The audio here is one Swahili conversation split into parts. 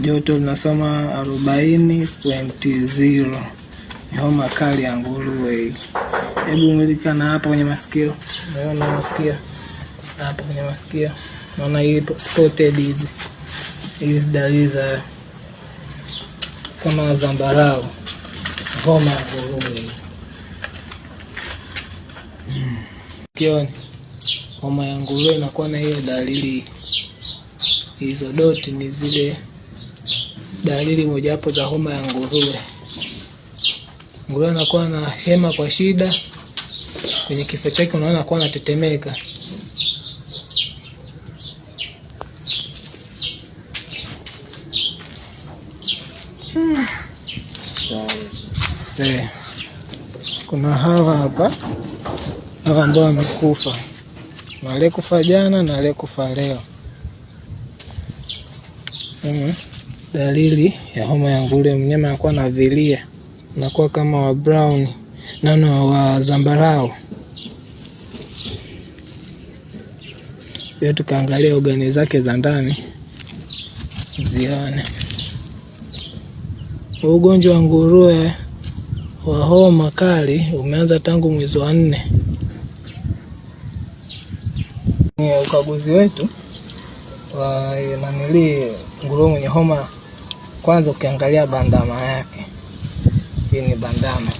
joto linasoma 40.0. Ni homa kali ya nguruwe. Hebu mulika na hapa kwenye masikio, unaona masikio hapa kwenye masikio, naona hii spotted, hizi hizi dalili za kama zambarau, homa ya nguruwe kioni. Homa ya nguruwe inakuwa na hiyo dalili hizo, doti ni zile dalili mojawapo za homa ya nguruwe. Nguruwe anakuwa na hema kwa shida, kwenye kifua chake unaona kuwa anatetemeka. Hmm. kuna hawa hapa hawa ambao wamekufa na aliyekufa jana na aliyekufa leo. Hmm dalili ya homa ya nguruwe, mnyama anakuwa na vilia, anakuwa kama wa brown nana wa zambarau. Pia tukaangalia ogani zake za ndani zione. Ugonjwa wa nguruwe wa homa kali umeanza tangu mwezi wa nne. Ukaguzi wetu wa nanili nguruwe mwenye homa kwanza ukiangalia bandama yake, hii ni bandama.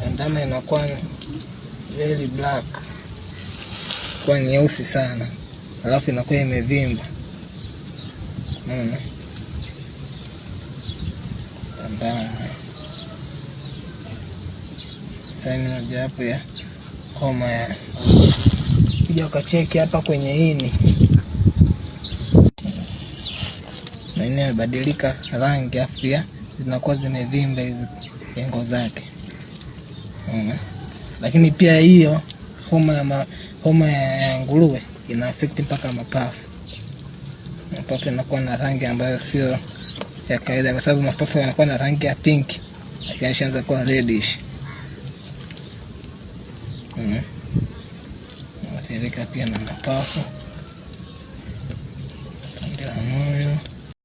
Bandama inakuwa very black, kuwa nyeusi sana, alafu inakuwa imevimba. Unaona hmm. bandama saini mojawapo ya homa ya kuja ukacheki hapa kwenye ini nani imebadilika rangi, afu pia zinakuwa zimevimba hizi pengo zake mm. Lakini pia hiyo homa ya ma, homa ya nguruwe ina affect mpaka mapafu. Mapafu yanakuwa na rangi ambayo sio ya kawaida, kwa sababu mapafu yanakuwa na rangi ya pink, lakini yashaanza kuwa reddish mm. Athirika pia na mapafu.